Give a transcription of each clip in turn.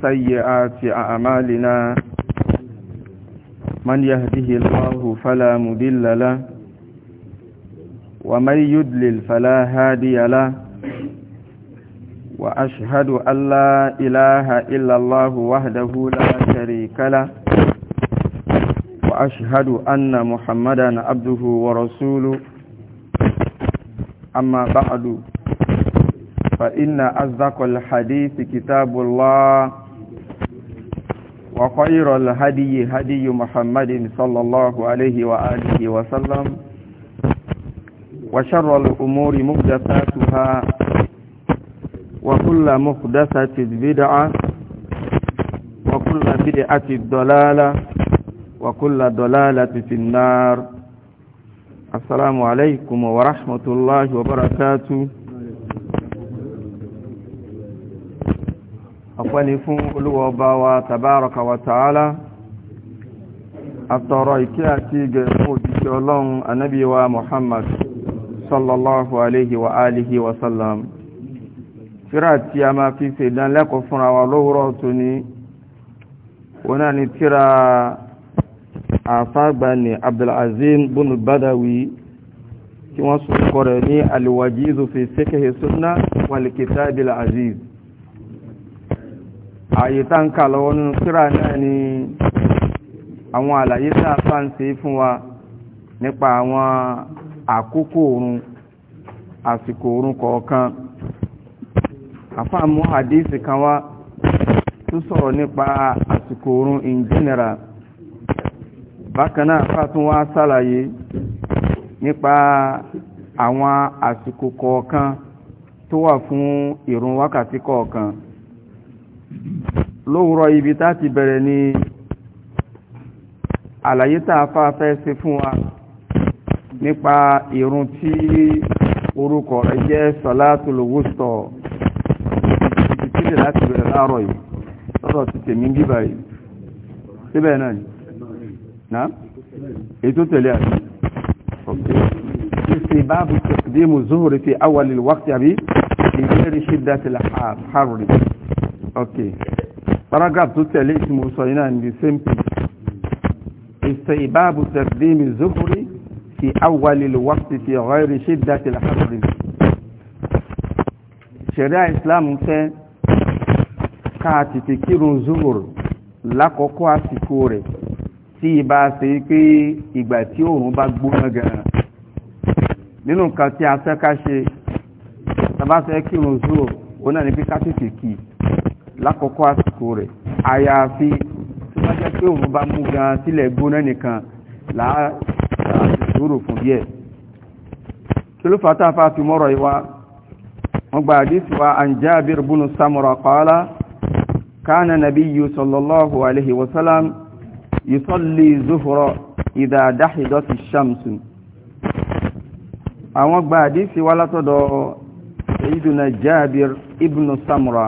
سيئات أعمالنا من يهده الله فلا مضل له ومن يدلل فلا هادي له وأشهد أن لا إله إلا الله وحده لا شريك له وأشهد أن محمدا عبده ورسوله أما بعد فإن أصدق الحديث كتاب الله وخير الهدي هدي محمد صلى الله عليه وآله وسلم وشر الأمور مهدفاتها وكل مهدفة بدعة وكل بدعة ضلالة وكل ضلالة في النار السلام عليكم ورحمة الله وبركاته ọpẹ́ ni fún olúwa ọba wa tàbárọ̀kà wa tààlá àtọ̀rọ̀ ìkẹ́ àti igẹ̀ fún òjíṣẹ́ ọlọ́run anábí wa Muhammad sallallahu alaihi wa alihi wa sallam tíra tí a máa fi ṣe ìdánlẹ́kọ̀ọ́ fúnra wa lówùrọ̀ tó ní wọn náà ni tíra àfáàgbà ni Abdulazim bunu Badawi tí wọ́n sọ kọrẹ̀ ní alwajizu fi fiqhi sunna wal kitabil ààyè tá ń kà lọ́wọ́ nínú síra náà ni àwọn àlàyé tá a fà ń ṣe fún wa nípa àwọn àkókò oorun àsìkò oorun kọ̀ọ̀kan àfàmú àdéhìsì kan wá tó sọ̀rọ̀ nípa àsìkò oorun in general bákan náà fàtún wá ṣàlàyé nípa àwọn àsìkò kọ̀ọ̀kan tó wà fún ìrun wákàtí kọ̀ọ̀kan lówùrọ̀ ibi tá ti bẹ̀rẹ̀ ni àlàyé tá a fà fẹ́ ṣe fún wa nípa ìrun tí orúkọ rẹ̀ jẹ́ salatul wusta ìpìlẹ̀ láti bẹ̀rẹ̀ láàárọ̀ yìí lọ́dọ̀ ti tèmi bíbà yìí síbẹ̀ náà ni náà ètò tẹ̀lé àti ọ̀gbẹ́ ṣíṣe báàbù taqdimu zuhri fi awwalil waqti àbí ìgbẹ́rì shiddatil harri ok paragraph tó tẹ̀lé tí mo sọ iná ní same page ìsẹ̀ ìbáàbù taqdimi zuhri fi awwalil waqti fi ghayri shiddatil hasri ṣẹ̀ríà islam fẹ́ ká tètè kírun zuhur lákòókò àsìkò rẹ̀ tí ìbá ṣe pé ìgbà tí òòrùn bá gbóná gan-an nínú nǹkan tí a fẹ́ ká ṣe tàbá fẹ́ kírun zuhur ó náà ní pé ká tètè kí i lákòókò àsìkò rẹ̀ àyàfi tó bá jẹ́ pé òun bá mú gan sílẹ̀ gbóná nìkan láàá ìṣòro fún díẹ̀ kí ló fàtà fà fi mọ́rọ̀ ìwá wọ́n gba àdísì wa an jábir búnu samura qala kana nabiyyu sallallahu alaihi wasallam yusalli zuhra idha dahidati ibnu samura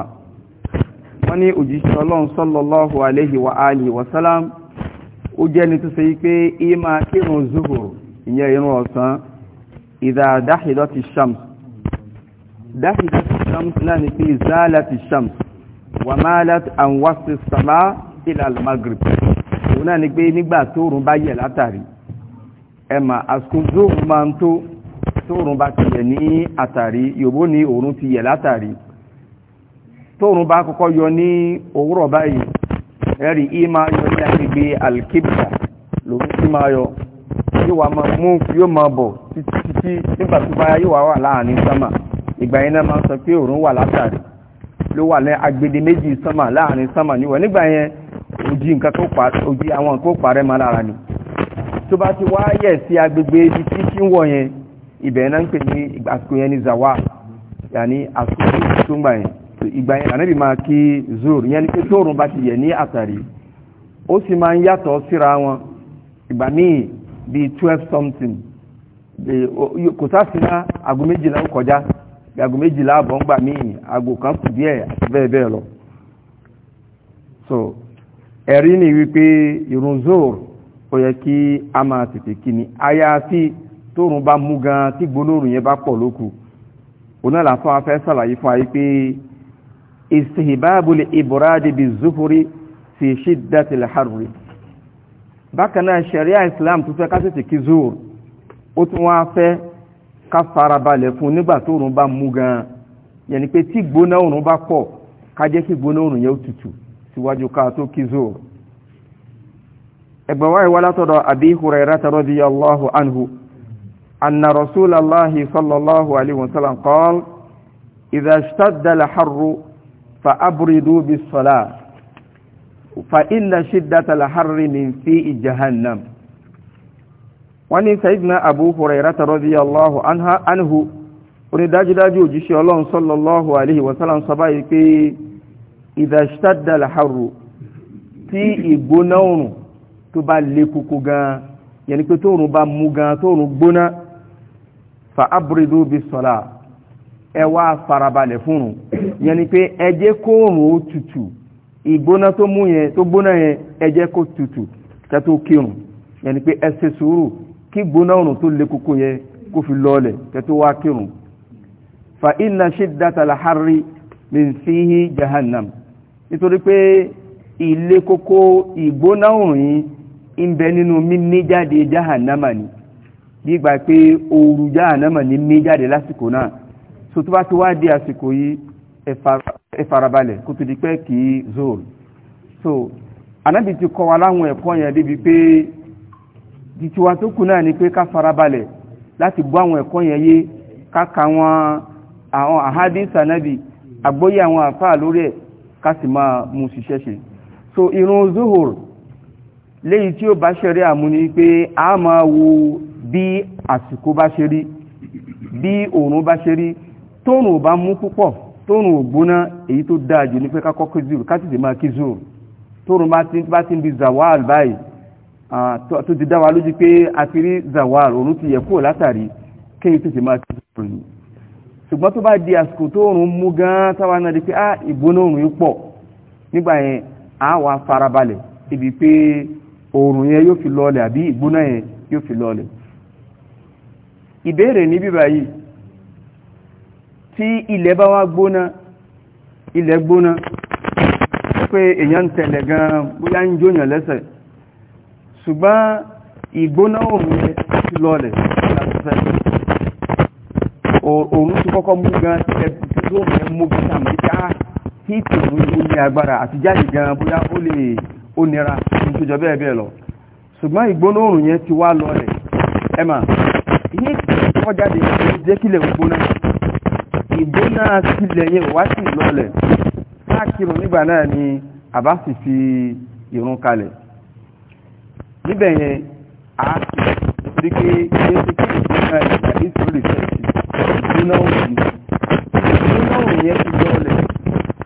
wọ́n ní òjíṣẹ́ ọlọ́run sallallahu alayhi wa alihi wa salam ó jẹ́ ni tó ṣe yí pé ìmá kírun zuhur ìyẹn ìrun ọ̀sán idha dahidati shams dahidati shams náà ni pé zalati shams wa malat an wasi sama ti yẹ̀ látàrí tóòrùn bá kọ́kọ́ yọ ní òwúrọ̀ báyìí ẹ̀rì í máa yọ ní agbègbè alkibra lòun sí máa yọ yóò wá máa mú yóò máa bọ̀ títí nígbà tó bá yóò wà láàrin sánmà ìgbà yẹn náà máa sọ pé òòrùn wà látàrí ló wà ní agbede méjì sánmà láàrin sánmà níwọ̀ nígbà yẹn òjì nǹkan tó pa òjì àwọn nǹkan ó parẹ́ máa lára ni tó bá ti wá yẹ̀ sí agbègbè ibi tí kí ń wọ̀ yẹn ibẹ̀ náà ń pè ní àsìkò yẹn ní zawa yàní àsìkò tó ń gbà yẹn ìgbà yẹn ànábì máa kí zoro yẹn ni pé tóòrùn bá ti yẹ ní àtàrí ó sì máa ń yàtọ̀ síra wọn ìgbà míì bíi twelve something kò sáfìná aago méjìlá ń kọjá aago méjìlá àbọ̀ ń gbà míì aago kan kù díẹ̀ àti bẹ́ẹ̀ bẹ́ẹ̀ lọ. so ẹ̀rí ni wípé irun zoro ó yẹ kí a máa tètè kí ni àyàfi tóòrùn bá mú gan tí gbólóòrùn yẹn bá pọ̀ lókù onáàlà fún afẹ́ sàlàyé fún ayé pé istihbabu al-ibrad biz-zuhri fi shiddati al-harr تفكر في sharia islam tún fẹ́ ká ṣe kí zuhr ó tún wá fẹ́ ká farabalẹ̀ fún nígbà tó run bá mú gan yani pé tí gbóná òrùn bá pọ̀ ká jẹ́ kí gbóná òrùn yẹn ó tutù síwájú abi hurairata radiyallahu anhu anna rasulallahi sallallahu alaihi wasallam qala idha ishtadda al فأبردوا بالصلاة فإن شدة الحر من في جهنم وأن سيدنا أبو هريرة رضي الله عنها عنه onídájúdájú òjíṣẹ́ ọlọ́run sallallahu alaihi wasallam sọ báyìí pé ìdàṣítàdà làárò tí ìgbóná oòrùn tó bá lè kúkú gan yẹni pé tóòrùn bá mú gan tóòrùn gbóná fa abúrídó bí sọ́lá ẹ wá farabalẹ̀ fúnrun yẹn ni pé ẹ jẹ́ kó òrùn ó tutù ìgbóná tó mú yẹn tó gbóná yẹn ẹ jẹ́ kó tutù kẹ́tó kírun yẹn pé ẹ ṣe kí gbóná òrùn tó le koko yẹn kó fi lọ́ọ̀lẹ̀ kẹ́tó wá kírun fa inna shiddata al-harri min fihi jahannam nítorí pé ilé kókó ìgbóná òrùn yìí ń bẹ nínú mímí jáde jahannama ni bí gbà pé ooru jahannama ni mí jáde lásìkò náà so tó bá ti wá di àsìkò yìí ẹ farabalẹ̀ kó tó di pé kì í zoro so anábì ti kọ́ wa láwọn ẹ̀kọ́ yẹn débi pé titiwa tó kù náà ni pé ká farabalẹ̀ láti bọ́ àwọn ẹ̀kọ́ yẹn yé ká ka wọn àwọn ahadis anábì àgbóyé àwọn àfáà lórí ẹ̀ ká sì máa mú ṣiṣẹ́ ṣe so irun zuhur léyìí tí ó bá ṣẹ̀rí àmú ni pé a máa wo bí àsìkò bá ṣe rí bí òòrùn bá ṣe rí tóòrùn ò bá mú púpọ̀ tóòrùn ò gbóná èyí tó dáa jù ní pé kákọ́ kí zuru ká tètè máa kí zuru tóòrùn bá ti ń bi zawal báyìí tó ti dá wa lójú pé a ti rí zawal òun ti yẹ kúrò látàrí kéyìn tètè máa kí zuru ni ṣùgbọ́n tó bá di àsìkò tóòrùn mú gan táwa náà di pé á ìgbóná òrùn yìí pọ̀ nígbà yẹn á wà farabalẹ̀ ibi pé òrùn yẹn yóò fi lọlẹ̀ àbí ìgbóná yẹn yóò fi lọlẹ̀ ìbéèrè ní bíbá yìí tí ilẹ̀ bá wá gbóná ilẹ̀ gbóná pé èyàn tẹ̀lẹ̀ gan bóyá ń jóyàn lẹ́sẹ̀ ṣùgbọ́n ìgbóná òun rẹ̀ ti lọlẹ̀ òun tó kọ́kọ́ mú gan ah, ní gan ṣùgbọ́n ìgbóná yẹn ti wá ẹ̀mà ìgbóná sílẹ̀ yẹn wá sí ìlọlẹ̀ káàkiri nígbà náà ni àbá sì fi kalẹ̀ níbẹ̀ yẹn a sì rí pé kí ó ti kí ìgbóná tó lè fẹ́ẹ̀sì ìgbóná òòrùn ìgbóná òòrùn yẹn ti lọlẹ̀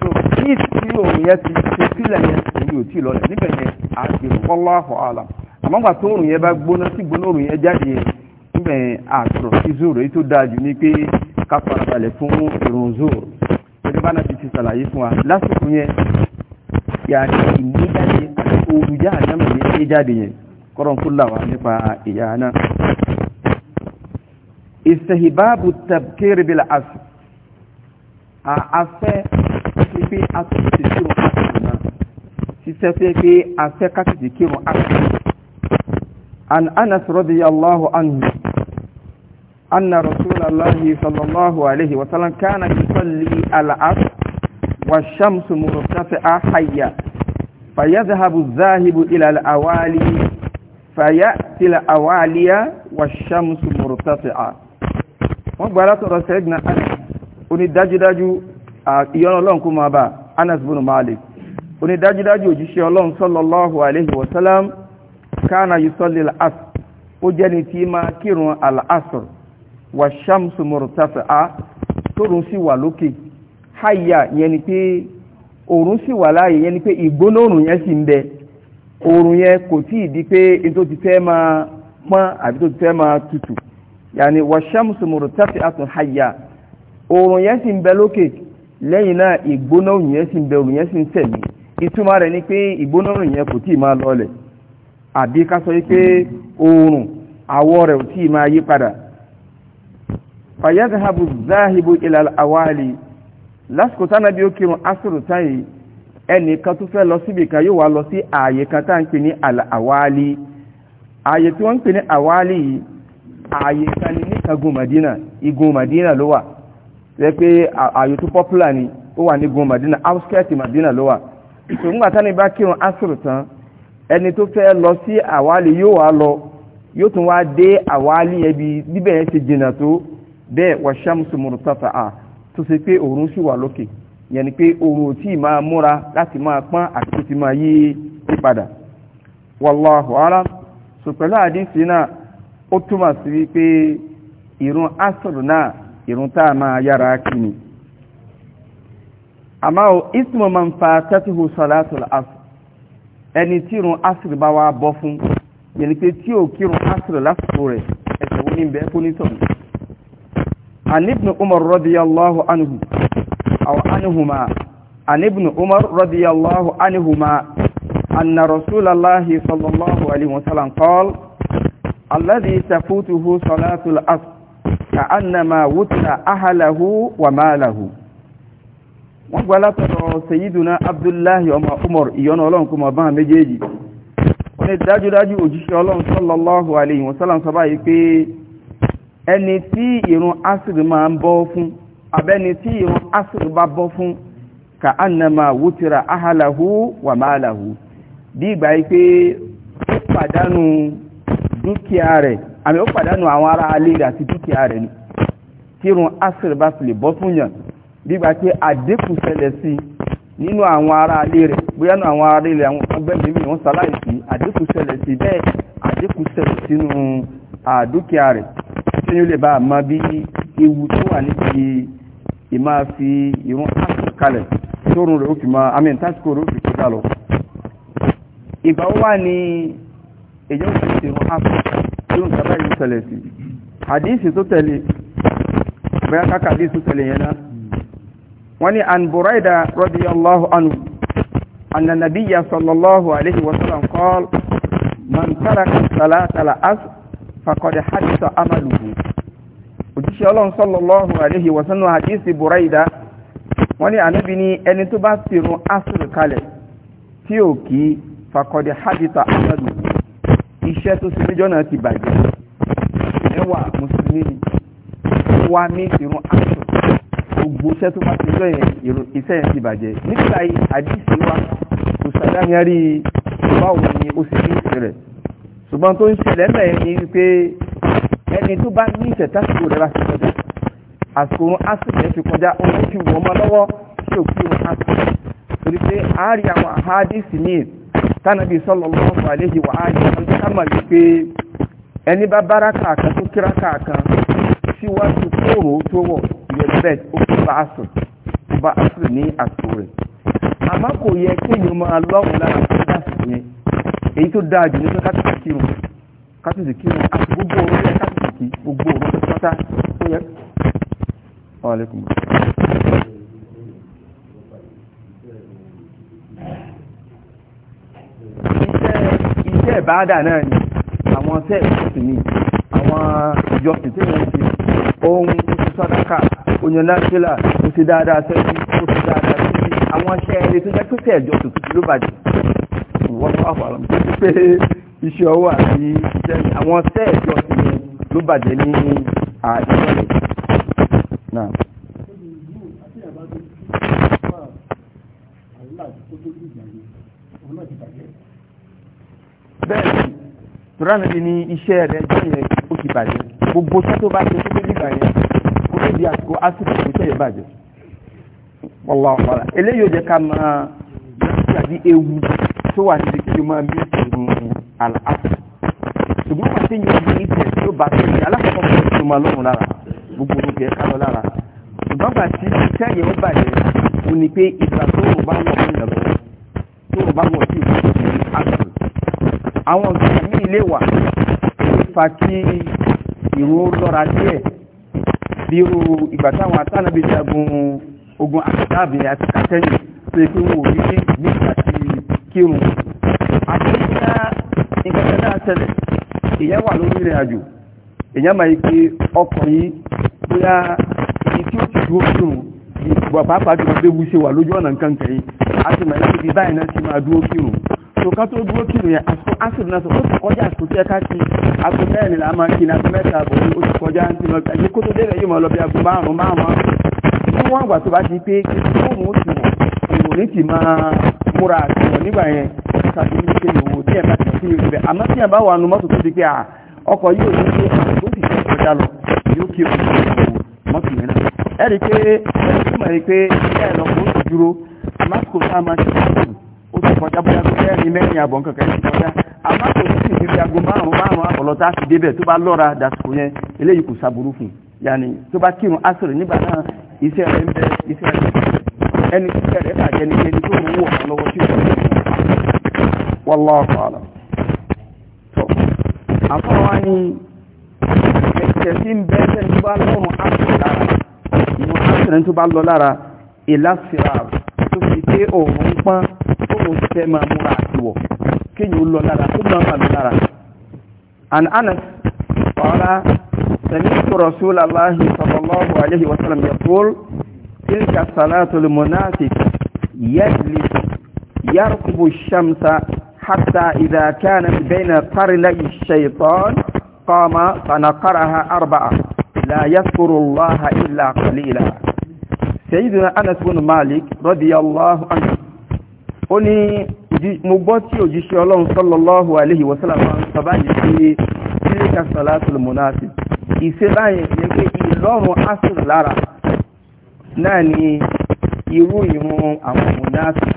tó kí ìtí òòrùn yẹn ti ṣe sílẹ̀ yẹn èyí ò tí lọlẹ̀ níbẹ̀ yẹn a sì rí wallahu alam àmọ́gbà tó òòrùn yẹn bá gbóná sí gbóná òòrùn yẹn jáde níbẹ̀ yẹn a sọ̀rọ̀ ká farabalẹ̀ fún ìrun zoro pẹ̀lú bá náà ti ti sàlàyé fún wa lásìkò yẹn yàrá ìmújáde àti olùjá àdámọ̀ ní ṣe jáde yẹn kọ́rọ̀n kúlà wà nípa ìyá náà ìsẹ̀hìbáàbù tàbkiri bí làásù àfẹ́ ti pé a tó náà anna rasulallahi sallallahu alaihi wasallam kana yusalli al-asr wash-shamsu murtafi'a hayya fayadhhabu adh-dhahibu ila al-awali fayati al-awaliya wash-shamsu murtafi'a wọ́n gbà látọ̀rọ̀ sẹ́gbìnà oní dájúdájú ìyọ́nà ọlọ́run kú máa bá anas bin malik oní dájúdájú òjíṣẹ́ ọlọ́run sallallahu alaihi wasallam kana yusalli al-asr ó jẹ́ni tí máa kírun al-asr wà ṣàmùsù mọ̀rọ̀tàfẹ́ a tóòrùn sì wà lókè háyà yẹn ni pé òòrùn sì wà láàyè yẹn ni pé ìgbóná òòrùn yẹn sì ń bẹ òòrùn yẹn kò tí ì di pé èyí tó ti fẹ́ máa pọ́n àbí tó ti fẹ́ máa tutù yàní wà ṣàmùsù mọ̀rọ̀tàfẹ́ àtún háyà òòrùn yẹn sì ń bẹ lókè lẹ́yìn náà ìgbóná òòrùn yẹn sì ń bẹ òòrùn yẹn sì ń sẹ̀mí ìtumọ̀ rẹ̀ ni pé ìgbóná òòrùn yẹn kò tí ì máa lọlẹ̀ àbí ká sọ wípé òòrùn àwọ̀ rẹ̀ ò tí ì máa yí padà fàyẹ́dàbù záhìbù ilẹ̀ àwáàlì lásìkò tánàbí ó kírun asùrù táyì ẹnìkan tó fẹ́ lọ síbi kan yóò wá lọ sí ààyè kan tá ń pè ní àwáàlì aye tí wọ́n ń pè ní àwáàlì yìí ààyè kan ní Madina igun Madina ló wà rẹ pé ààyè tó popular ni ó wà nígun Madina outskirt Madina ló wà ṣùgbọ́n tánàbí bá kírun asùrù tán ẹni tó fẹ́ lọ sí àwáàlì yóò wá lọ yóò tún wá dé àwáàlì yẹn bíbẹ̀ yẹn ti jìnnà tó bẹ́ẹ̀ wà ṣàmùsùn mùrùtàtà à tó ṣe pé òòrùn sì wà lókè yẹn ni pé òòrùn ò tí máa múra láti máa pọ́n àti tó ti máa yí padà wallahu alam so pẹ̀lú àdísì náà ó túmọ̀ sí wípé ìrun asọ̀rọ̀ náà ìrun tá a máa yára kí ni àmá o ismu man fatatuhu salatul asr ẹni tí ìrun asr bá wá bọ́ fún yẹn ni pé tí ò kírun asr lásìkò rẹ̀ ẹ̀sẹ̀ wo ní bẹ́ẹ̀ fún nítọ̀nù عن ابن عمر رضي الله عنه أو عنهما عن ابن عمر رضي الله عنهما أن رسول الله صلى الله عليه وسلم قال الذي تفوته صلاة العصر كأنما وتر أهله وماله wọ́n gba látọ̀rọ̀ sèyídùná abdullahi ọmọ umar ìyọ́nà ọlọ́run kó mọ̀ bá méjèèjì wọ́n ni dájúdájú òjíṣẹ́ ọlọ́run sallallahu alayhi wa sallam sọ báyìí pé ẹni tí irun asiri máa ń bọ́ fún abẹ́ni tí irun asiri bá bọ́ fún ka annama wutira ahalahu wa malahu bí ìgbà yìí pé ó pàdánù dúkìá rẹ̀ àmì ó pàdánù àwọn ará alé rẹ̀ àti dúkìá rẹ̀ ni kírun asìrì bá sì bọ́ fún yàn bí ìgbà pé àdékù ṣẹlẹ̀ sí nínú àwọn ará rẹ̀ bóyá nínú àwọn tí ó lè bá àmá bí ewu tó wà níbi ìmá fi ìrún àṣìkò kalẹ̀ tóòrùn rẹ̀ ó fi máa àmì ìtàṣìkò rẹ̀ ó fi kọjá lọ ìgbà ó wà ní èyí ó fi ìrún àṣìkò tí ó ń sábà yìí ṣẹlẹ̀ sí àdíṣì tó tẹ̀lé bẹ́ẹ̀ káka àdíṣì tó tẹ̀lé yẹn náà wọ́n ní an Buraida radiyallahu anhu anna nabiyya sallallahu alaihi wasallam qala man taraka salata al fakọ̀dẹ̀ hasọ amaluhu òjíṣẹ́ ọlọ́run sallallahu alaihi wa sallam hadisi buraida wọ́n ní ànábì ní ẹni tó bá fìrún asìrì kalẹ̀ tí ò kí fakọ̀dẹ̀ hadita amaluhu iṣẹ́ tó sì méjọ́ náà ti bàjẹ́ ẹwà mùsùlùmí ni wá ní ìrún asìrì gbogbo iṣẹ́ tó bá ti jọ yẹn iṣẹ́ yẹn ti bàjẹ́ nípa hadisi wa kò sàdáyárí báwo ni ó sì ní ìrẹ̀ ṣùgbọ́n tó ń ṣẹlẹ̀ mẹ́rin ni wípé ẹni tó bá ní ìṣẹ̀tàṣìkò rẹ̀ bá ti kọjá àsìkò wọn àsìkò yẹn ti kọjá ụmụ ń fi wọ́n mọ́ lọ́wọ́ tí ò fi wọn àsìkò torí pé àárí àwọn àhádìsì ní tánàbí ká mọ̀ wípé ẹni bá bára kàkan tó kíra kàkan síwájú kóòrò tó wọ̀ bẹ́ẹ̀ ó fi bá èyí tó dáa jù nípa kátìsì kírun kátìsì kírun àti gbogbo òun yẹ kátìsì kí gbogbo òun pátá tó yẹ. wàhálẹ́kùn iṣẹ́ ìbáadà náà ni àwọn tẹ́ ìsìn ni àwọn ìjọsìn tí wọ́n ti ohun sọ́dáka onyanásílà ó ti dáadáa sẹ́yìn ó ti dáadáa sí àwọn aṣẹ́ ẹni tó jẹ́ pípẹ́ ìjọsìn tuntun ló bàjẹ́ wọ́n ló bàjẹ́ ní àìsílẹ̀ náà. bẹ́ẹ̀ni tùránàbí ni iṣẹ́ rẹ̀ jẹ́ yẹn bàjẹ́ gbogbo tí tó bá ṣe tó tóbi gbà kó tó di àsìkò àsìkò kò tẹ̀yẹ̀ bàjẹ́ wọ́lá eléyìí ò jẹ́ ká máa gbàdí tó wà níbi tí mo bí ìrùn àlàáfíà ṣùgbọ́n wà sí yẹn ní ìtẹ̀ tí ó bá tó yẹ alákọ̀ọ́kọ́ fún ìṣòro máa lọ́rùn lára gbogbo oúnjẹ ẹ̀ kálọ́ lára ṣùgbọ́n gbà tí iṣẹ́ yẹn ó bàjẹ́ ó ní pé ìgbà tó o bá wọ̀ ní ìlọ́wọ́ tó o bá wọ̀ sí ìwọ̀n ní àgbẹ̀ àwọn ìgbà ní ilé wà ó fa kí ìrùn lọ́ra díẹ̀ bí irú ìgbà táwọn atánàbí ogun àtàbí àti kàtẹ́yìn tó pé wọ́n ò ní ní ìgbà kírun àbíyá nǹkan náà tẹ́lẹ̀ èyàn wà lórí ìrìn àjò èyàn máa ike ọkùnrin bóyá ìtí ó ti dúró kírun pàápàá jùlọ bí ewu ṣe wà lójú ọ̀nà nǹkan kẹrin a ti mọ̀ láti fi báyìí náà ti máa dúró kírun tó ká tó dúró kírun yẹn àsìkò ásìrì náà sọ ó ti kọjá àsìkò tí ẹ ká kí àgbo mẹ́rin là máa kí ní àgbo mẹ́ta àbọ̀ ó ti kọjá ní lọ ẹni kó dé rẹ̀ yìí mọ̀ lọ bí àgbo márùn márùn-ún níwọ̀n àgbà tó bá ti pé kí fóònù ó ti wọ̀ òun ti máa fúra àtìwọ̀n nígbà yẹn tàbí ní pé ìwò tí ẹ̀ka ti fi ìrìnlẹ̀ àmọ́ tí ẹ̀ bá wà nù mọ́tò tó di pé à ọkọ̀ yóò ní pé àtúntò sì ṣe kọjá lọ yóò kí òun ìwò mọ́tò yẹn náà ẹ̀ rí pé ẹ̀ tún mọ̀ rí pé ẹ̀ lọ kó tó dúró àmásìkò tá a máa ṣe fún ó ti kọjá bóyá tó fẹ́ rí mẹ́rin àbọ̀ kankan ti kọjá àmásìkò sì ti fi aago márùn-ún márùn-ún àbọ̀lọ́tà ti débẹ̀ tó bá lọ́ra dàsìkò yẹn eléyìí kò sàbúrú fún yàní tó bá kírun asọ̀rọ̀ nígbà náà iṣẹ́ rẹ̀ ń bẹ iṣẹ́ rẹ̀ ń bẹ ẹni tí bẹ̀rẹ̀ bàjẹ́ ní ẹni tó ń wò wọn lọ́wọ́ tí wọ́n ń wọ́n lọ́wọ́ àlọ́. àfọwọ́ wa ni ẹ̀ṣẹ̀ tí ń bẹ́ ẹ̀ṣẹ̀ tó bá lọ́rùn áṣìrì lára ìwọ̀n áṣìrì tó bá lọ lára ìlàsìrà tó fi dé òun pọ́n òun fẹ́ máa múra àtiwọ̀ kéèyàn lọ lára ó máa lọ lára. and anas ọ̀rá sẹ̀mí tó rọ̀ sí ó lálàáhì sallallahu alaihi wasallam yaqul تلك الصلاة المناسب يجلس يركب الشمس حتى إذا كان بين قرني الشيطان قام فنقرها أربعة لا يذكر الله إلا قليلا سيدنا أنس بن مالك رضي الله عنه ó ní mo gbọ́ tí òjíṣẹ́ ọlọ́run sallallahu alaihi wasallam sọ báyìí sí sílẹ̀kà salatul munafiq ìṣe báyìí náà ni irú ìrun àwọn mùnáàfì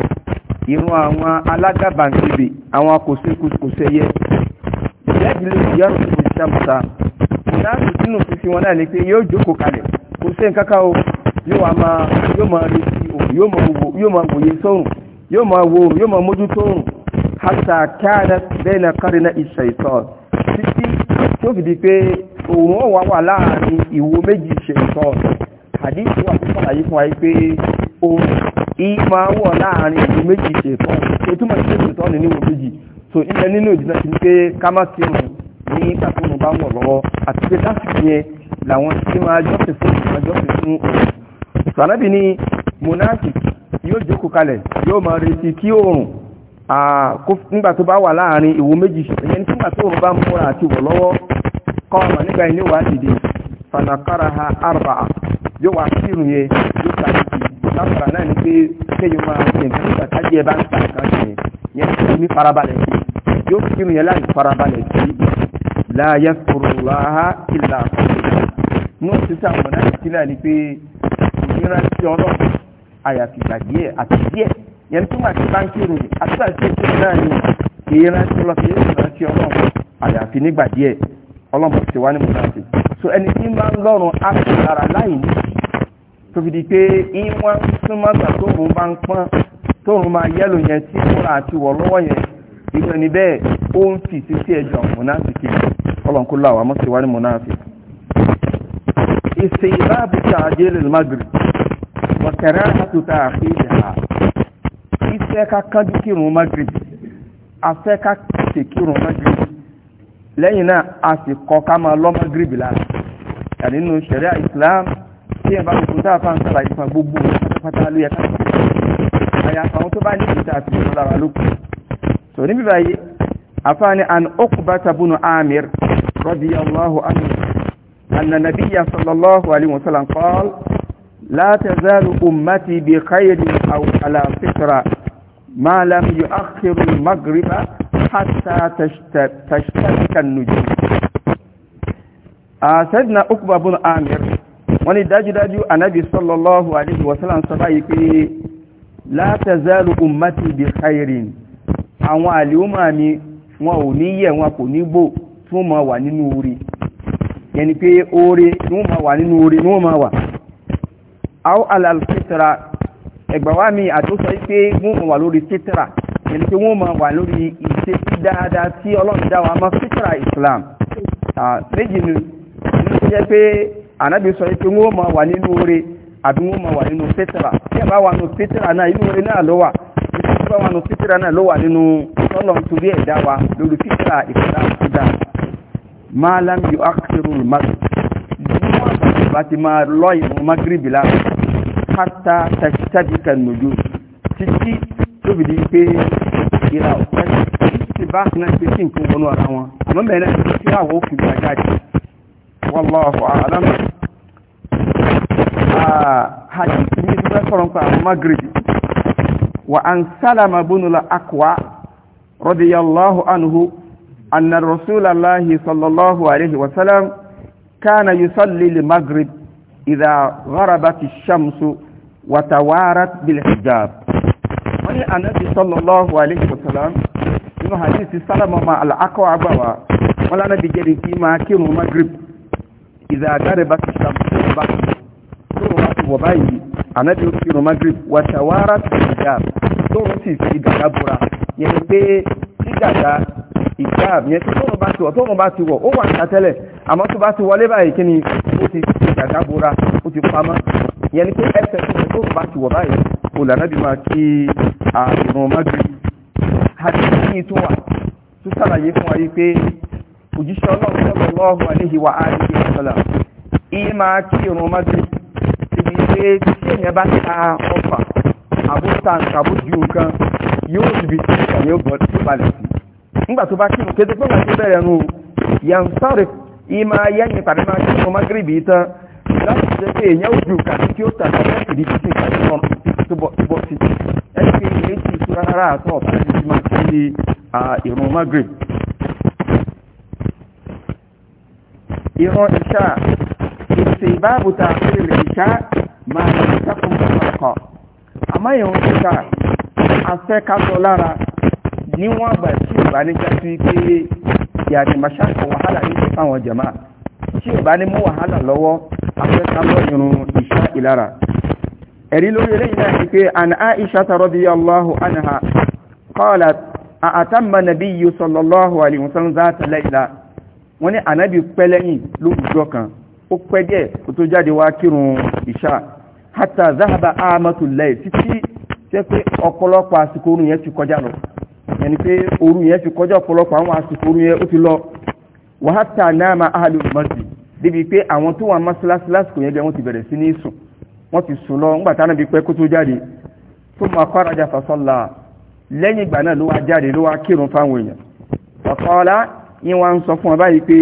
ìrun àwọn alágàbàǹtìbì àwọn kòsẹ́kòsẹ́yẹ yẹ́dìlẹ̀ ìyọ́rùn kò ṣàmùsà mùnáàfì sínú fífi wọn náà ni pé yóò jókòó kalẹ̀ kò sí nǹkankan o yóò wá máa yóò máa retí òun yóò máa wò yóò máa wòye sóòrùn yóò máa wò òun yóò máa mójútó òun hasa káàdà bẹ́ẹ̀nà kárínà ìṣẹ̀ ìtọ́ títí tó fìdí pé òun ó wà wà láàrin ìwo méjì ìṣẹ̀ ìtọ́ àdínkù wà fún sàlàyé fún wa pé o ìmọ̀ wọ̀ láàrin ìlú méjì ṣe fún ó túmọ̀ sí ètò tọ́ọ̀nù méjì so ilẹ̀ nínú ìdílé ti ní pé ká má kírun ní ìgbàkúnnù bá wọ̀ lọ́wọ́ àti pé lásìkò yẹn làwọn tí máa jọ́sìn fún máa jọ́sìn fún òun sànábì ni monastic yóò jókòó kalẹ̀ yóò máa retí kí oòrùn nígbà tó bá wà láàrin méjì ìyẹn nígbà tó yóò wá sírun yẹn yóò ta ìdí lápára náà ni pé kéèyàn máa ṣe nǹkan nígbà tájí ẹ bá ń ta nǹkan ṣe yẹn ti ní farabalẹ̀ sí yóò sírun yẹn láì farabalẹ̀ sí láàyè fúrúláhà ìlà àkọsílẹ̀ ní òṣìṣẹ́ àwọn náà ti náà ni pé ìnira sí ọlọ́ àyàfi gbàgbé àti díẹ̀ yẹn tó máa ti bá ń kírun àti bá ń ṣe kírun náà ni ìnira sí ọlọ́ kìí ìnira sí ọlọ́ àyàfi nígbà díẹ̀ ọlọ́mọ ti wá ní mọ̀tàkì so ẹni tí máa ń lọ́rùn á fi lára láì ní tó fi di pé ìwọ̀n súnmọ́gbà tóòrùn bá ń pọ́n tóòrùn máa yẹ́lò yẹn tí múra àti wọ̀ lọ́wọ́ yẹn ìgbẹ́ ni bẹ́ẹ̀ ó ń fi sí sí ẹjọ́ mùnáfíkì ọlọ́nkúlọ àwọn amọ́síwárí mùnáfíkì ìsìn ìbáàbù tààjé lèlmágìrì wọ̀kẹ̀rẹ́ àtúntà àfihàn ìfẹ́ ká kánjú kírun mágìrì afẹ́ ká sì kírun mágìrì lẹ́yìn náà a sì kọ́ ká máa lọ́ mágìrì bìlà nínú ṣẹ̀ríà ìsìláàmù tí ẹ̀ bá gbogbo tá a fa ń sàlàyé fún gbogbo pátápátá ló yẹ ká àyàfà àwọn tó bá ní ìta àti ìṣọ́ lára ló kù tó an Uqbata bunu Amir radiyallahu anhu anna nabiyya sallallahu alaihi wasallam qala la tazalu ummati bi khairin aw ala fitra ما لم يؤخر المغرب حتى تشتبك النجوم آه سيدنا أكبر بن عامر wọ́n ní dájúdájú anábi sallallahu alaihi wasallam sọ báyìí pé la tazalu ummati bi khairin àwọn àlèúmà mi wọn ò ní yẹ̀ wọn kò ní gbò tí wọ́n máa wà nínú orí yẹni pé orí ni wọ́n wà nínú orí ni wọ́n máa wà ànábì sọ pé wọ́n ma wà nínú oore àbí wọ́n máa wà nínú pétérà tí ẹ bá wà nínú pétérà náà inú oore náà ló wà tí ẹ bá wà nínú pétérà náà ló wà nínú tọ́lọ̀ nítorí ẹ̀dá wa lórí pétérà ìpínlẹ̀ àkúdà máa lámì yóò ákérò mọ́tò wọ́n bá ti máa lọ ìrún magrebi lára hátà tàbíkà nùjú títí tóbi di pé ìlà ọ̀pẹ́ ti bá náà pé sí nǹkan wọnú ara wọn àmọ́ mẹ́rin tí àwọn òfin gbàjáde wọ́n lọ́wọ́ àlámọ́ hadith ni fẹ́ sọ̀rọ̀ pa magrib wa an salama bunula akwa radiyallahu anhu anna rasulallahi sallallahu alaihi wasallam kana yusalli li magrib idha gharabat ash-shamsu wa tawarat bil hijab wani anabi sallallahu alaihi wasallam inú hadith salama ma al akwa abawa wala nabi jeri ki ma kinu magrib idha gharabat ash-shamsu wọ̀ báyìí ànábì ó fi romagrib wàṣàwárà tìjà tóun sì fi gàdá bora yẹn pé tí ìjáàb yẹn tí tóun bá ti wọ̀ tóun bá ti wọ̀ ó wà níta tẹ́lẹ̀ àmọ́ tó bá ti wọlé báyìí kí ni ó ti fi gàdá bora ó ti pamọ́ yẹn ni pé ẹsẹ̀ tóun bá ti wọ̀ báyìí olànàbì máa kí àrùn magrib hadithi tó wà tó sàlàyé fún wa yìí pé òjíṣẹ́ ọlọ́run sallallahu alaihi wa alihi wa sallam ìyí máa kí irun magrib pé tí èèyàn bá ta ọfà àbúta àbújú nǹkan yóò níbi tí èèyàn yóò bọ̀ tó balẹ̀ sí nígbà tó bá kí ní kété pé wọ́n ti bẹ̀rẹ̀ nù yàn sáré ìmọ̀ ayẹ́yìn tàbí máa kí ọmọ gíríbì tán láti jẹ́ pé èèyàn ojú kàtí tí ó tàbí ọmọ ìdí títí ìpàdé náà tó bọ́ sí ẹni pé èyí ti ìtura rárá àtọ́ ọ̀tá ẹni tí máa kí ìrùn magrib ìrùn ìṣá ìṣèbáàbùtà ìrìn ìṣá máa ń sẹ́kùn ọkọ̀ àmọ́ ìrún kíkà afẹ́ kásọ lára níwọ̀n àgbà tí ò bá ní jásí pé ìyàtìmáṣá kò wàhálà ní fáwọn jàmá tí ò bá ní mú wàhálà lọ́wọ́ afẹ́ kásọ ìrún ìṣá ìlara ẹ̀rí lórí eléyìí náà ni pé an Aisha radiyallahu anha qalat àtàmà nabiyyu sallallahu alaihi wasallam zata layla wọ́n ní ànábì pẹ́ lóòjọ́ kan ó pẹ́ díẹ̀ kó tó jáde wá kírun ìṣá hata zahaba amatulẹ̀ títí ṣe pé ọ̀pọ̀lọpọ̀ àsìkò orun yẹn ti kọjá lọ yẹni pé orun yẹn ti kọjá ọ̀pọ̀lọpọ̀ àwọn àsìkò orun yẹn ó ti lọ wà hata náàmà ahalu mọ́sí débi pé àwọn tó wà mọ́sálásí lásìkò yẹn gẹ́ wọ́n ti bẹ̀rẹ̀ sí ní sùn wọ́n ti sùn lọ ńgbà tánà bí pẹ́ kó tó jáde tó máa kọ́ arajà fasọ́là lẹ́yìn ìgbà náà ló wá jáde ló wá kírun fáwọn èèyàn ọ̀kọ́ọ́lá yín wá ń sọ fún ọ báyìí pé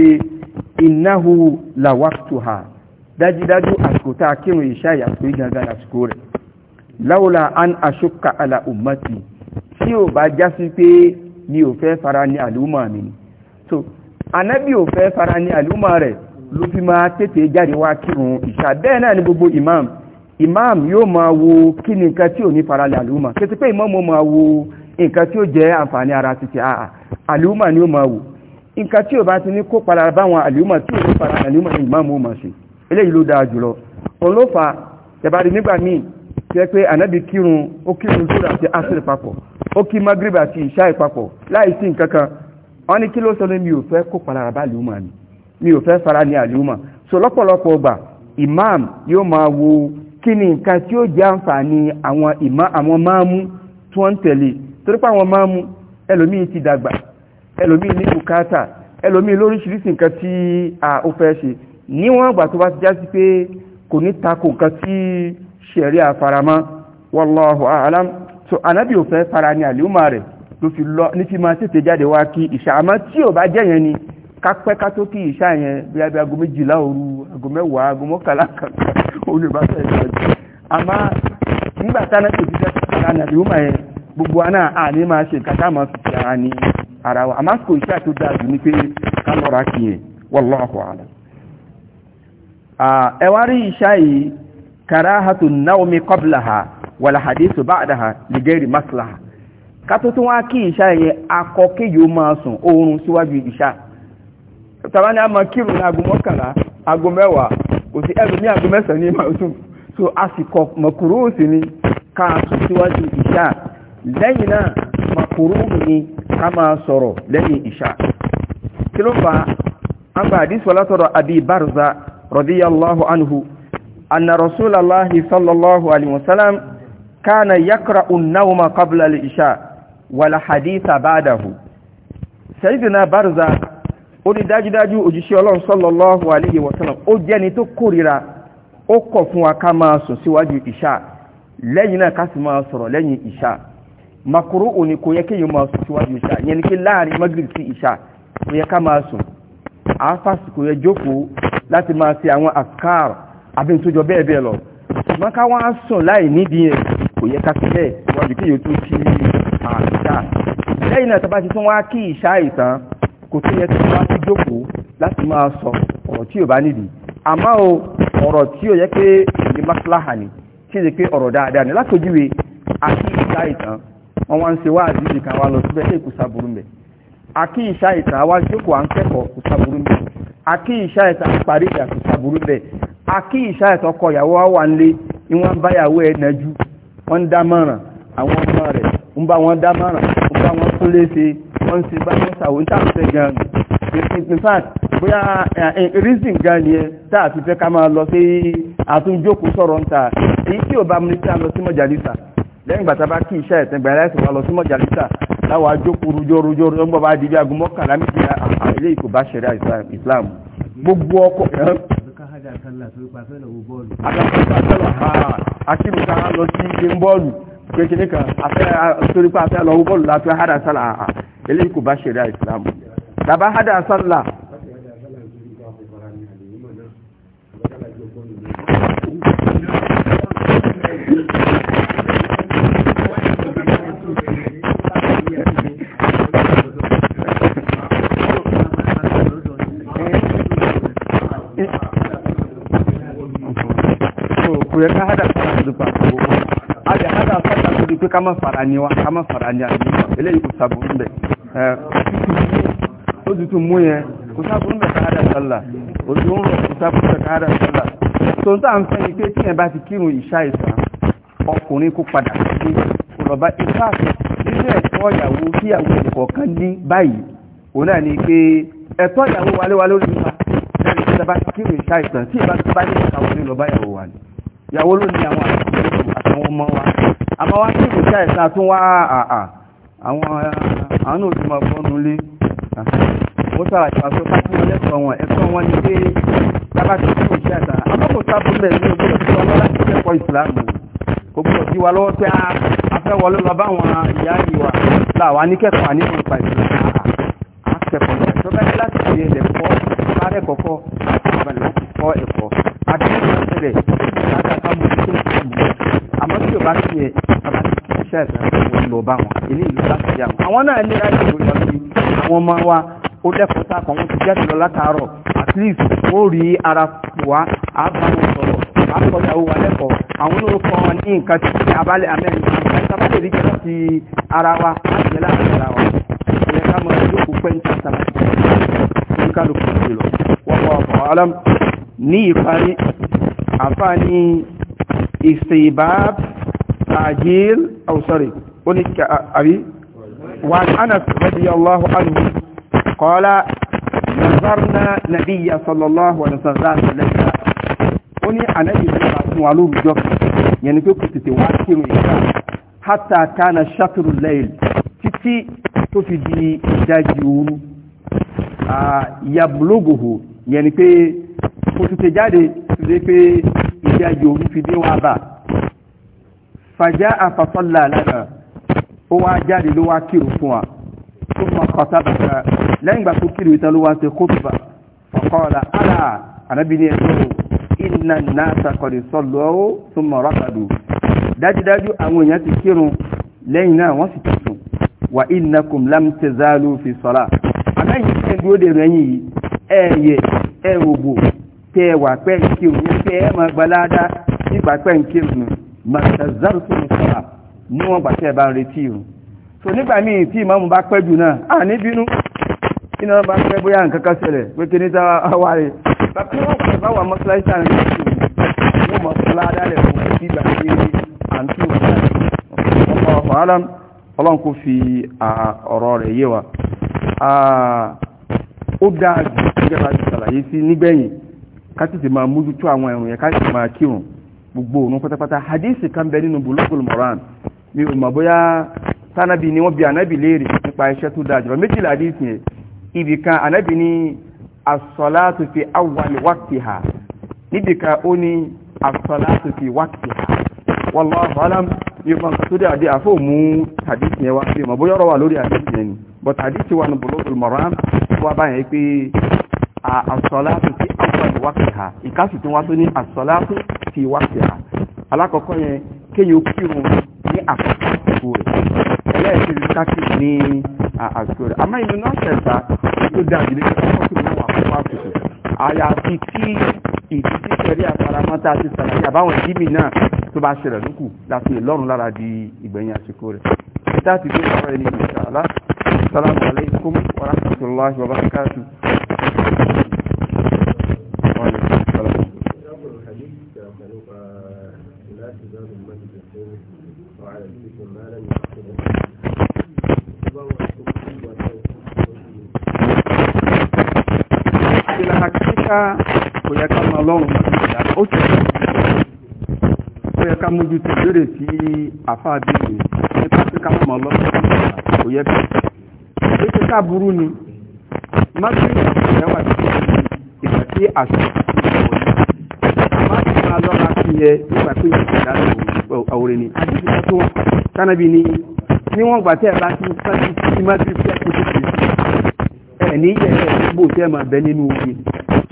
ìnáhu làwàtúhà dájídájú àsìkò tá a kírun ìṣá ìyàsìkò ìgangan àsìkò rẹ̀ láwùlà an aṣọ́ka àlà ummati tí ò bá já pé mi ò fẹ́ fara ní àlùmọ̀ mi so anábì ò fẹ́ fara ní àlùmọ̀ rẹ̀ ló fi máa tètè jáde wá kírun ìṣá bẹ́ẹ̀ náà ni gbogbo imam imam yóò máa wo kí ni nǹkan tí ò ní fara lẹ̀ àlùmọ̀ kí ti pé imam ó máa wo nǹkan tí ó jẹ́ àǹfààní ara títí àà ni ó máa wò nǹkan tí ò bá ti ní kó padà báwọn àlùmọ̀ tí ò ní fara àlùmọ̀ ni imam ó máa ṣe eléyìí ló dáa jùlọ òun ló fà tẹ̀bárí nígbà míì tẹ́ pé ànábì kírun ó kírun zúrà àti asiri papọ̀ ó kí magrib àti ìṣá ìpapọ̀ láì sí nǹkan kan wọ́n ní kí ló sọ ní mi ò fẹ́ kó palara bá àlùmọ̀ ni mi ò fẹ́ fara ní àlùmọ̀ so lọ́pọ̀lọpọ̀ ọgbà imam yóò máa wo kí ni nǹkan tí ó jẹ́ àǹfààní àwọn ìmá àwọn máàmú tí wọ́n ń tẹ̀lé torí pé àwọn máàmú ẹlòmíì ti dàgbà ẹlòmíì ní bùkátà ẹlòmíì lóríṣiríṣi nǹkan tí a ó fẹ́ ṣe níwọ̀n àgbà tó bá ti já sí pé kò ní tako nǹkan tí ṣẹ̀rí àfaramọ́ wallahu a'lam so anábì ò fẹ́ fara ní àlúmà rẹ̀ ló fi lọ ní fi máa tètè jáde wá kí ìṣà àmọ́ tí ò bá jẹ́ yẹn ni kápẹ́ ká tó kí ìṣà yẹn bí abẹ́ aago méjìlá òru aago mẹ́wàá aago mọ́kànlá kankan olùbáfẹ́ ìrọ̀jù àmọ́ nígbà táná tó ti jẹ́ fara ní àlúmà yẹn gbogbo aná àní ara ní ara wa àmọ́ àsìkò ìṣà tó a'lam Ah, ẹwárí ìṣá karahatu naomi qablaha wàlá hadithu ba'daha li ghairi maslaha kátó tún wá kí ìṣá yẹn akọ kéyò máa sùn oorun síwájú ìṣá tàbá ní a máa kírun ní aago mọ́kànlá aago mẹ́wàá so àsìkò makuru ni ka sùn isha ìṣá lẹ́yìn ni ká máa sọ̀rọ̀ lẹ́yìn kí ló رضي الله عنه أن رسول الله صلى الله عليه وسلم كان يقرأ النوم قبل العشاء والحديث بعده سيدنا برزة ó ní dájúdájú òjíṣẹ́ ọlọ́run sallallahu alayhi wa sallam ó jẹ́ ni tó kórìíra ó kọ̀ fún wa ká máa sùn síwájú ìṣà lẹ́yìn náà ká sì máa sọ̀rọ̀ lẹ́yìn ìṣà makuru òní kò yẹ kéèyàn máa sùn síwájú ìṣà yẹn ni kí láàrin magrib sí ìṣà kò yẹ ká máa sùn àáfàsì kò yẹ jókòó láti máa ṣe àwọn àkàr àbí bẹ́ẹ̀ bẹ́ẹ̀ lọ ṣùgbọ́n ká wá sùn láì nídìí yẹn kò yẹ ká fi bẹ́ẹ̀ wọ́n kí yóò tó kí àṣà lẹ́yìn náà tàbá ti tún wá kí ìṣá ìtàn kò tó yẹ sọ ọ̀rọ̀ tí yóò bá nídìí àmọ́ o ọ̀rọ̀ tí yóò yẹ pé èdè ni pé ọ̀rọ̀ dáadáa látòjúwe àti ìṣá ìtàn wọn wá ń ṣe lọ síbẹ̀ akí ìṣá ẹ̀sà parí ìyàtọ̀ sàbúrú bẹ̀ akí ìṣá ẹ̀sà ọkọ ìyàwó wà nílé ni wọ́n bá ìyàwó ẹ̀ nàjú wọ́n dá mọ̀ràn àwọn ọmọ rẹ̀ ń bá wọn dá mọ̀ràn ń bá wọn tún léṣe wọ́n ṣe bá wọn ṣàwọn táàfẹ́ gan in fact bóyá eh, eh, reason gan ni ẹ táàfẹ́ ká máa lọ sí àtúnjókòó sọ̀rọ̀ ń ta èyí tí ò bá mu ní tí a lọ sí lẹ́yìn gbàtà bá kí iṣẹ́ ẹ̀sìn gbàrẹ́ ẹ̀sìn wa lọ sí mọ̀jàlísà láwọn ajókòó rújórújó ń bọ̀ bá di bí aago mọ́kànlá méjì ilé ìkó bá ṣẹ̀rẹ̀ Islam gbogbo ọkọ̀ akíruka lọ sí ilé bọ́ọ̀lù kékeré kan torípa afẹ́ lọ bọ́ọ̀lù láti hádà sálà eléyìí kò bá ṣẹ̀rẹ̀ Islam tàbá hádà sálà yẹ ká hádà fàtà tó pa gbogbo a jẹ hádà fàtà tó di pé ká má fara ni wa ká má fara ni àbí eléyìí kò sàbò ń bẹ ẹ ó tutù mú yẹn kò sàbò ń bẹ ká hádà sálà òtún ń rọ kò sàbò ń bẹ ká hádà sálà tó ń tà ń fẹ́ ni pé tí yẹn bá ti kírun ìṣá ìsàn ọkùnrin kó padà sí kò lọ bá ifá nínú ẹ̀tọ́ ìyàwó o ìyàwó ẹ̀kọ̀ọ̀kan ní báyìí òun náà ni pé ẹ̀tọ́ ìyàwó wálé wá lórí nípa ẹ̀rì tí a bá kírun ìṣá ìsàn tí ìbá ti bá ní ìkàwọ́ ní lọ bá ìyàwó wà ìyàwó ló ní àwọn àtàwọn ọmọ wa a máa wá sí ìgbésẹ̀ ìsá tún wá àà àwọn àánú òsì máa bọ́nu lé mo sára ìwà tó bá fún wọn lẹ́kọ̀ọ́ wọn ẹ̀kọ́ wọn ni pé bàbá tó kí ìṣẹ́ àtà àmọ́kò sábú mẹ́ ní ògbọ́dọ̀ tí wọn láti kẹ́kọ̀ọ́ ìsìláàmù kò gbọ́dọ̀ sí wa lọ́wọ́ pé afẹ́ wọlé lọ báwọn ìyá ìwà làwọn aníkẹ́kọ̀ọ́ àníkò nípa bùkátà ká mú tó kù mọ́ àmọ́ tí o bá ti yẹ bàbá ti fi iṣẹ́ ẹ̀sẹ̀ wọn lọ bá wọn ilé ìlú láti yà wọn. àwọn náà ní láti lórí ọtí àwọn ọmọ wa ó lẹ́kọ̀ọ́ tá a wọ́n ti jẹ́ tìlọ látàárọ̀ at least ó rí ara wá á bá wọn sọ̀rọ̀ á kọ́ ìyàwó wa lẹ́kọ̀ọ́ àwọn olórúkọ wọn ní nǹkan tí abálẹ̀ amẹ́rin ìtàbálẹ̀ rí jẹ́ láti ara wa láti jẹ́ láti ara wa ìyẹn ká mọ ẹjọ́ kó pẹ́ níta sára ní kálukú ìlọ wọ́n wọ́n ọ̀pọ̀ alam ní ìparí àfáà ní istibab tajil aw sorry ó ní àbí wà anas radiyallahu anhu qala nazarna nabiyya sallallahu alaihi wasallam ó ní ànábì sọ́lá fún wa lóòjọ́ yẹn ni pé kò tètè wá kírun ìgbà hátà kánà ṣàtúrù lẹ́yìn jáde tó dé pé ìdájì òru fi dé wá bà fàjá àfàsọ́là lánàá ó wá jáde ló wá kírun fún wa tó fún akọta bàtà lẹ́yìn ìgbà tó kírun ìtàn ló wá ṣe kótóbà fọkọ́ọ̀lá àlà ànábìíní ẹ̀dọ́ ìnà náà sàkọ̀dì sọ́lọ́ ó tún mọ̀ rákàdù dájúdájú àwọn èèyàn ti kírun lẹ́yìn náà wọ́n sì tuntun wà innakum lam tazalu fi sọ́lá àmẹ́yìn ẹ̀dúró dèrò ẹ̀yìn yìí ẹ̀yẹ ẹ̀wògbò tẹ́ wà pẹ́ kírun ní pé ẹ máa gbalada nígbà pẹ́ kírun màtàzárù tó ń sọ́ra níwọ̀n gbà tẹ́ bá ń retí irun so nígbà míì tí ìmáàmù bá pẹ́ jù náà à ní bínú iná bá pẹ́ bóyá nǹkan kan ṣẹlẹ̀ pé kí ní táwa wà rè bàbá wọn kò bá wà mọ́ṣáláṣí àrùn yìí wọ́n mọ̀ fọlá dálẹ̀ fún ìgbà tí à ń tún ọ̀pọ̀ ọ̀hálàm ó dáa jù gẹ́gẹ́ ṣàlàyé sí nígbẹ̀yìn kátìtì máa mójútó àwọn ẹ̀rùn yẹn kátìtì máa kírun gbogbo òun pátápátá hadisi kan bẹ nínú bulugul moran mi ò mọ̀ bóyá tánàbí ni wọ́n bi ànábì léèrè nípa iṣẹ́ tó dáa jùlọ méjìlá hadisi yẹn ibì kan ànábì ní as-salatu fi awwali waqtiha níbì kan ó ní as-salatu fi waqtiha wallahu alam mi ò mọ̀ nǹkan tó dé àdé àfọ́ mú hadisi yẹn wá sí mọ̀ bóyá ọ̀rọ̀ wà lórí hadisi yẹn ni but hadisi wà moran wọ́n bá yẹn pé as-salatu fi wákìtà ìkásù tí wọ́n tó ní àsọ̀látù fi wákìtà alákọ̀ọ́kọ́ yẹn kéyìn ó kírun ní àkọ́kọ́ àsìkò rẹ̀ ẹlẹ́ẹ̀kejì kákì ní àsìkò rẹ̀ àmọ́ ìlú náà ṣẹ̀dá tó dájú ní kíkọ́ kí wọ́n wà fún àkùkù àyàfi tí ìdí tí sẹ́rí àfaramọ́ta ti sàlàyé àbáwọn ìdímì náà tó bá ṣẹlẹ̀ lókù láti ìlọ́run lára di ìgbẹ̀yìn àsìkò على الإثم ما لم يعقل Àkíkà kò yẹ ká máa lọ́rùn ìdá ó ti kò yẹ ká mójú ti bèrè tí àfáà bèrè nípa tí ká máa lọ́rùn ìdá kò yẹ ká. Ètò ká burú ni, má bí ìyẹ́wà tí ó ti ìgbà tí àṣọ ìgbà wọ̀nyí. Má bí máa lọ́ra sí yẹ nígbà tí ìyẹ́wà tí ó ti aure ne a cikin kaso sanabi ni ni wọ́n gbà tẹ́ bá ti sáàtì tí má ti fẹ́ kó tètè ẹ̀ ní ẹ̀ gbò tẹ́ ma bẹ nínú oge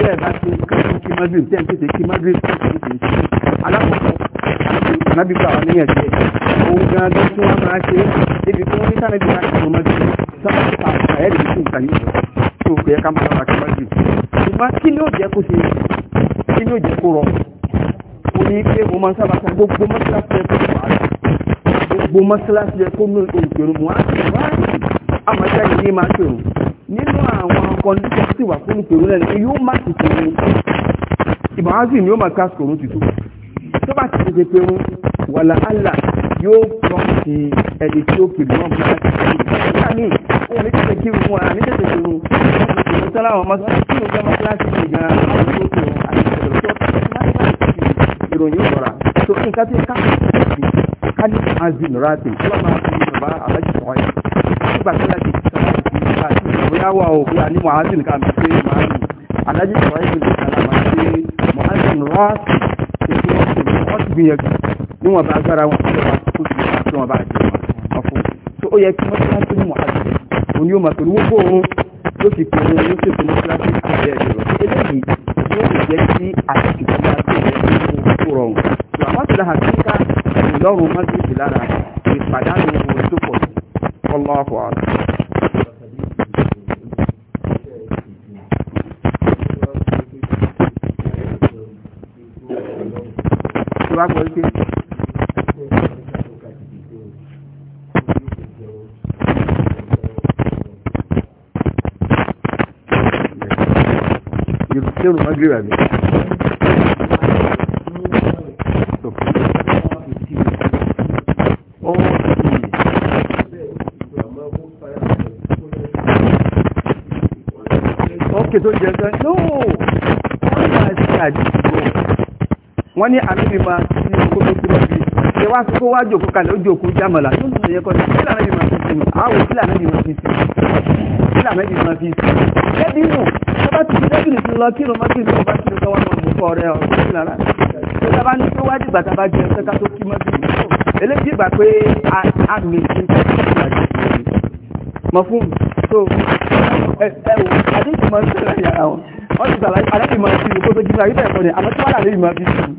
tẹ́ bá ti kàtí kí má bí tẹ́ tètè kí má bí tètè tètè alákọ̀ọ́ sanabi gbà wà níyàn jẹ́ òun gan gan tí wọ́n máa ṣe débi kí wọ́n ní sanabi máa ṣe ọmọdé sábà ti pa àyẹ̀ lè fi nǹkan yìí tó kẹ́ ká máa wà kí má bí ṣùgbọ́n kí ni ó jẹ́ kó ṣe kí ni ó jẹ́ kó rọrùn ní pé mo máa ń sábà kan gbogbo mọ́sálásí yẹ kó wà á gbogbo mọ́sálásí yẹ kó ní òǹkèrún mu á ti yìí ní máa kèrún nínú àwọn kọ́ndíṣọ́ sì wà fún ìkèrún náà ni yóò má ti kèrún ìbáwásí ni yóò máa ká kòrún tuntun tó bá ti tètè pẹ̀rún wàlà àlà yóò pọ́ǹtì ẹ̀dẹ̀ tí ó kìlọ̀ náà bá ti kìlọ̀ nígbà míì ó ní tètè kírun ìròyìn ìrọ̀ra tó kí n ká tí ká sí ká ní azin rati ọlọ́mọ àti bàbá alájì sọ̀rọ̀ yìí nígbà tí láti sọ̀rọ̀ yìí ká sí bóyá wà ó bí a ní mohazin ká mi pé mohazin alájì sọ̀rọ̀ yìí ló kàlà máa ṣe mohazin rati ètò wọn ṣe wọn ti gbìyànjú níwọ̀n bá agbára wọn ṣe wá kó sì wá sí wọn bá jẹ wọn fún tó ó yẹ kí wọ́n ti wá sí ní mohazin òní ó máa pẹ̀lú wọ́pọ̀ òun ló sì pè é ló sì pè é mọ́ṣáláṣí àti ẹ̀ẹ́dẹ̀rọ̀ eléyìí yóò jẹ́ kí àtẹ̀kùn kò rọrùn wàhálà àtúntà ìlọrun mọ́sídìí lára ìpàdánù ohun tó pọ̀ sí ọlọ́ọ̀kọ̀ ọ̀rọ̀. wá gbọ́ pé yorùbá gírà mi. òkè tó jẹ́ no wọ́n máa ṣe àdìgbò wọ́n ní àmì máa ṣe kó tó kúrò bí ṣe wá kó wá jòkó kalẹ̀ ó jòkó jámọ̀lá tó lùsùn yẹ kọ́ ní kí lànà ìmọ̀ fi sinmi àwọ̀ kí lànà ìmọ̀ fi sinmi kí lànà ìmọ̀ fi sinmi lẹ́bí nù tó bá ti fi lẹ́bí nù lọ kí ló má kí ló bá kí ló tọ́wọ́ náà mú kọ́ rẹ ọ̀ kí lànà tó dábà ní tó wá dìgbà tàbá jẹ ẹ̀ka tó so ẹ̀wọ̀ àdéhùn máa ń sẹ́lẹ̀ yàrá wọn wọ́n ti sàlàyé àdéhùn máa ń fi ìkótó jíra àmọ́ tí wọ́n rà lè máa fi sùn